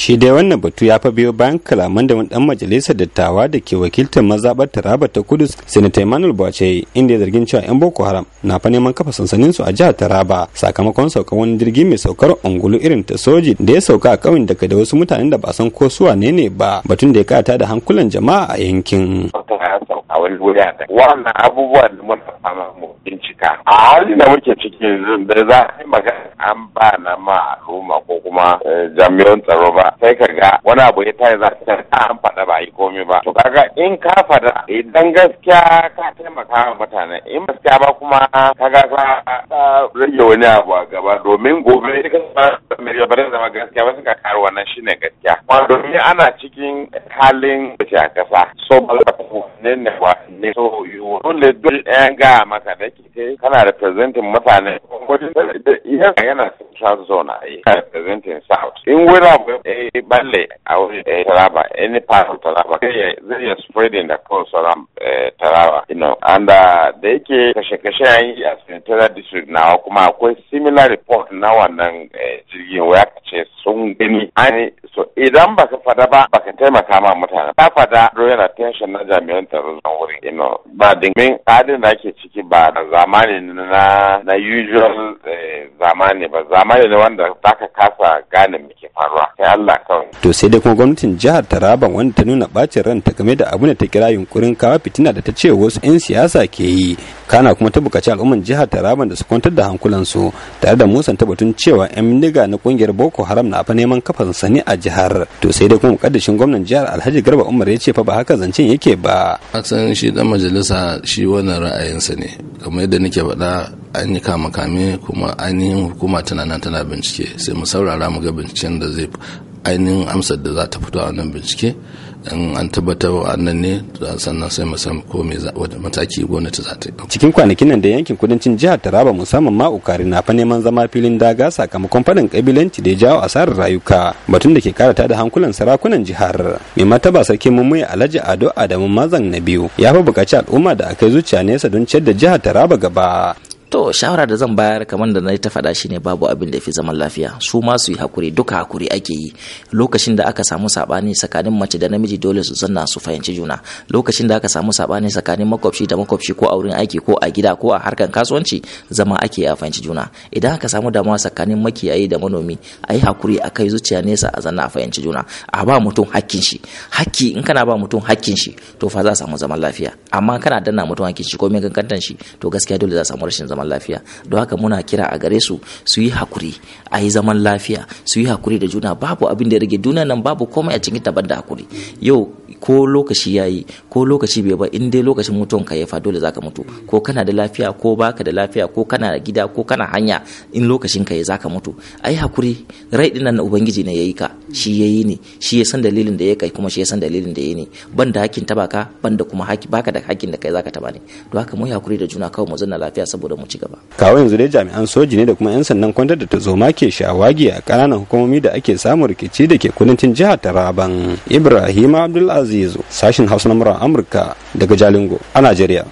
shi dai wannan batu ya fa biyo bayan kalaman da wani dan majalisar dattawa da ke wakiltar mazaɓar taraba ta kudu senator emmanuel bace inda ya zargin cewa yan boko haram na fa neman kafa sansanin su a jihar taraba sakamakon saukan wani jirgi mai saukar ungulu irin ta soji da ya sauka a kauyen daga da wasu mutanen da ba san ko su wane ne ba batun da ya kata da hankulan jama'a a yankin. wannan abubuwan da mun fama mu haka a halin da muke ciki da za a yi magana an ba na ma al'umma ko kuma eh, jami'an tsaro ba sai ka ga wani abu ya tayi za ta an faɗa ba yi komai ba to kaga in ka faɗa idan gaskiya ka taimaka wa mutane in gaskiya ba kuma kaga ka rage wani abu a gaba domin gobe ka mai bari zama gaskiya ba suka karu wannan shine gaskiya domin ana cikin halin da a kasa so ba ne ne wa ne so oh, dole oh, dole ɗayan eh, gaya maka da ke kana da presentin mutane yana south zone ai presentin south in wera a balle a taraba any part of taraba zai ya spreading da kawai eh, taraba you know and uh, da yake kashe-kashe an yi a senatorial district nawa kuma akwai similar report na wannan jirgin eh, waya kace sun gani an So idan baka fada ba baka taimaka ma mutane ba fada royal attention na jami'an tsaro zan wurin ino ba dinmin adin da ake ciki ba da zamani na na usual zamani ba zamani ne wanda zaka kasa gane muke faruwa sai Allah kawai to sai dai kuma gwamnatin jihar taraba wanda ta nuna bacin ranta game da abin da ta kira yunkurin kawo fitina da ta ce wasu 'yan siyasa ke yi kana kuma ta bukaci al'umman jihar taraba da su kwantar da hankulansu tare da musanta tabbatun cewa 'yan bindiga na kungiyar Boko Haram na fa neman kafan sani a jihar to sai dai kuma mukaddashin gwamnan jihar Alhaji Garba Umar ya ce fa ba haka zancen yake ba a san shi dan majalisa shi wannan ra'ayinsa ne kamar yadda nake faɗa an yi kama kame kuma ainihin hukuma tana nan tana bincike sai mu saurara mu ga binciken da zai ainihin amsar da za ta fito a wannan bincike in an tabbatar wannan ne sannan sai mu ko me mataki gwamnati za ta yi cikin kwanakin nan da yankin kudancin jihar taraba musamman ma ukari na fa neman zama filin daga sakamakon faɗin kabilanci da ya jawo asarar rayuka batun da ke karata da hankulan sarakunan jihar mai mataba sarki Mummuya, alhaji ado adamu mazan na biyu ya fa bukaci al'umma da aka yi zuciya nesa don ciyar da jihar taraba gaba to shawara da zan bayar kamar da na ta faɗa shine babu abin da fi zaman lafiya su ma su yi hakuri duka hakuri ake yi lokacin da aka samu sabani tsakanin mace da namiji dole su zanna su fahimci juna lokacin da aka samu sabani tsakanin makwabci da makwabci ko a wurin aiki ko a gida ko a harkar kasuwanci zama ake a fahimci juna idan aka samu damuwa tsakanin makiyayi da manomi a yi hakuri a kai zuciya nesa a zanna a fahimci juna a ba mutum hakkin shi hakki in kana ba mutum hakkin shi to fa za a samu zaman lafiya amma kana danna mutum hakkin shi ko mai kankantan shi to gaskiya dole za a samu rashin zaman zaman lafiya don haka muna kira a gare su su yi hakuri a yi zaman lafiya su yi hakuri da juna babu abin da ya rage duniya nan babu komai a cikin ta hakuri yau ko lokaci yayi ko lokaci bai ba in dai lokacin mutuwan ka ya fa dole zaka mutu ko kana da lafiya ko baka da lafiya ko kana da gida ko kana hanya in lokacin ka ya zaka mutu ai hakuri rai dinan na ubangiji ne yayi ka shi yayi ne shi ya san dalilin da ya kai kuma shi ya san dalilin da yayi ne ban da hakkin ta ka ban kuma haki baka da hakkin da kai zaka taba ne to haka mu hakuri da juna kawai mu zanna lafiya saboda mu ci gaba kawo yanzu dai jami'an soji ne da kuma yan sandan kwantar da tazoma ke shawagi a kananan hukumomi da ake samun rikici da ke kudancin jihar Taraban Ibrahim Abdul zai zo sashin hausa na murar amurka daga jalingo a najeriya